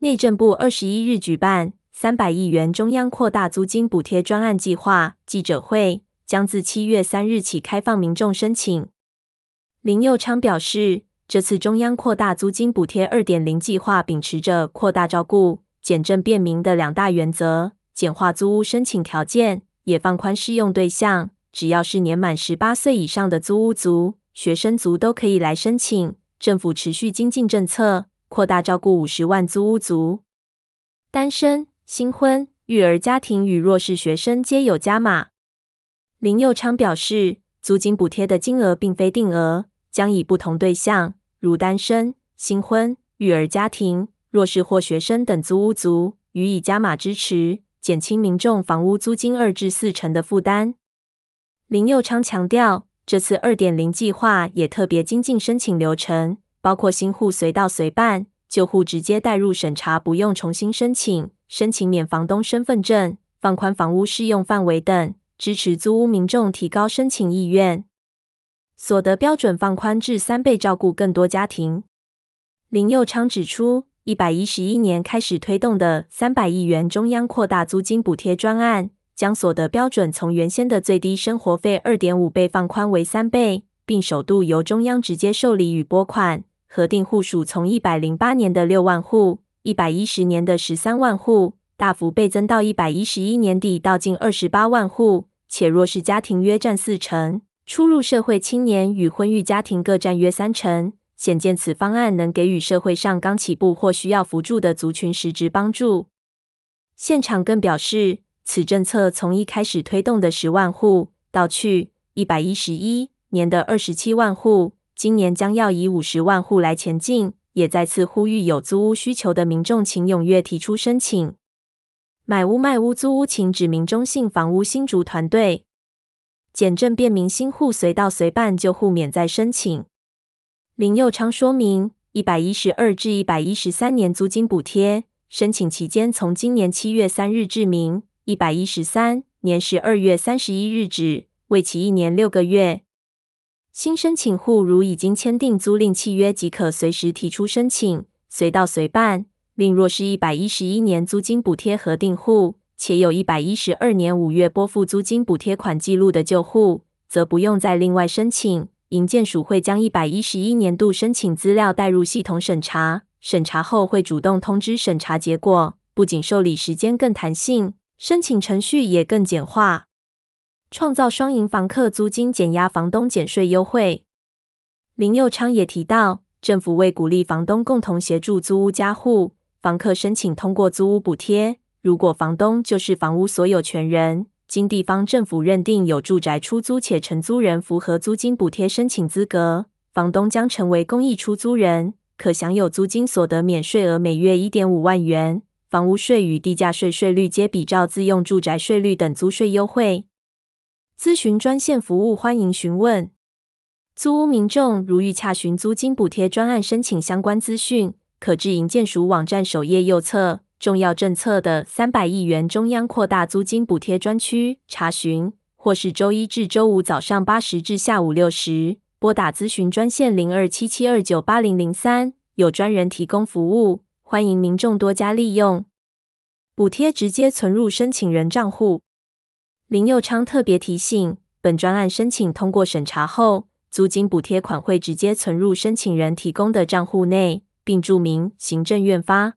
內政部二十一日舉辦三百億元中央擴大租金補貼專案計劃記者會，將自七月三日起開放民眾申請。林右昌表示，這次中央擴大租金補貼二點零計劃秉持着擴大照顧、簡政便民的兩大原則，簡化租屋申請條件，也放寬適用對象，只要是年滿十八歲以上的租屋族、學生族都可以來申請。政府持續精進政策。擴大照顧五十萬租屋族，單身、新婚、育兒家庭與弱勢學生皆有加碼。林右昌表示，租金補貼的金額並非定額，將以不同對象，如單身、新婚、育兒家庭、弱勢或學生等租屋族予以加碼支持，減輕民眾房屋租金二至四成的負擔。林右昌強調，這次二點零計劃也特別精進申請流程。包括新戶隨到隨辦、舊戶直接帶入審查，不用重新申請；申請免房東身份證，放寬房屋適用範圍等，支持租屋民眾提高申請意願。所得標準放寬至三倍，照顧更多家庭。林右昌指出，一百一十一年開始推動的三百億元中央擴大租金補貼專案，將所得標準從原先的最低生活費二點五倍放寬為三倍，並首度由中央直接受理與撥款。核定戶數從一百零八年的六萬戶、一百一十年的十三萬戶，大幅倍增到一百一十一年底到近二十八萬戶。且弱勢家庭約佔四成，初入社會青年與婚育家庭各占約三成。顯見此方案能給予社會上剛起步或需要扶助的族群實質幫助。現場更表示，此政策從一開始推動的十萬戶，到去一百一十一年的二十七萬戶。今年將要以五十萬戶來前進，也再次呼籲有租屋需求的民眾，請踴躍提出申請。買屋、賣屋、租屋，請指明中信房屋新竹團隊。簡政便民，新戶隨到隨辦，舊戶免再申請。林右昌說明，一百一十二至一百一十三年租金補貼申請期間，從今年七月三日至明一百一十三年十二月三十一日止，為期一年六個月。新申請戶如已經簽訂租賃契約，即可隨時提出申請，隨到隨辦。另若是一百一十一年租金補貼核定戶，且有一百一十二年五月撥付租金補貼款記錄的舊戶，則不用再另外申請。營建署會將一百一十一年度申請資料帶入系統審查，審查後會主動通知審查結果。不僅受理時間更彈性，申請程序也更簡化。創造雙贏，房客租金減壓，房東減稅優惠。林右昌也提到，政府為鼓勵房東共同協助租屋家戶，房客申請通過租屋補貼。如果房東就是房屋所有權人，經地方政府認定有住宅出租且承租人符合租金補貼申請資格，房東將成為公益出租人，可享有租金所得免稅額每月一點五萬元，房屋稅與地價稅稅率皆比照自用住宅稅率等租稅優惠。諮詢專線服務歡迎詢問。租屋民眾如欲洽詢租金補貼專案申請相關資訊，可至營建署網站首頁右側“重要政策”的“三百億元中央擴大租金補貼專區”查詢，或是周一至周五早上八時至下午六時撥打諮詢專線零二七七二九八零零三，有專人提供服務，歡迎民眾多加利用。補貼直接存入申請人賬戶。林右昌特別提醒，本專案申請通過審查後，租金補貼款會直接存入申請人提供的賬戶內，並註明行政院發。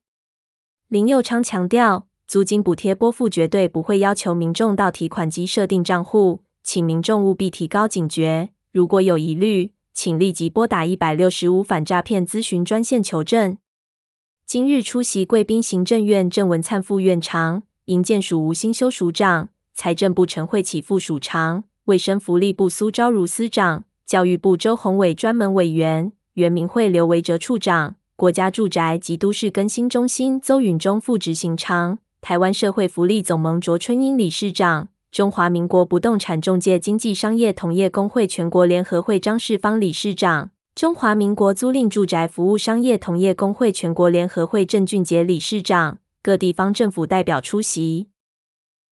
林右昌強調，租金補貼撥付絕對不會要求民眾到提款機設定賬戶，請民眾務必提高警覺。如果有疑慮，請立即撥打一百六十五反詐騙諮詢專線求證。今日出席貴賓，行政院鄭文燦副院長、營建署吳欣修署長。財政部陳慧綺副署長、衛生福利部蘇昭如司長、教育部周弘偉專門委員、原民會劉維哲處長、國家住宅及都市更新中心鄒允中副執行長、台灣社會福利總盟卓春英理事長、中華民國不動產仲介經紀商業同業公會全國聯合會張世芳理事長、中華民國租賃住宅服務商業同業公會全國聯合會鄭俊杰理事長、各地方政府代表出席。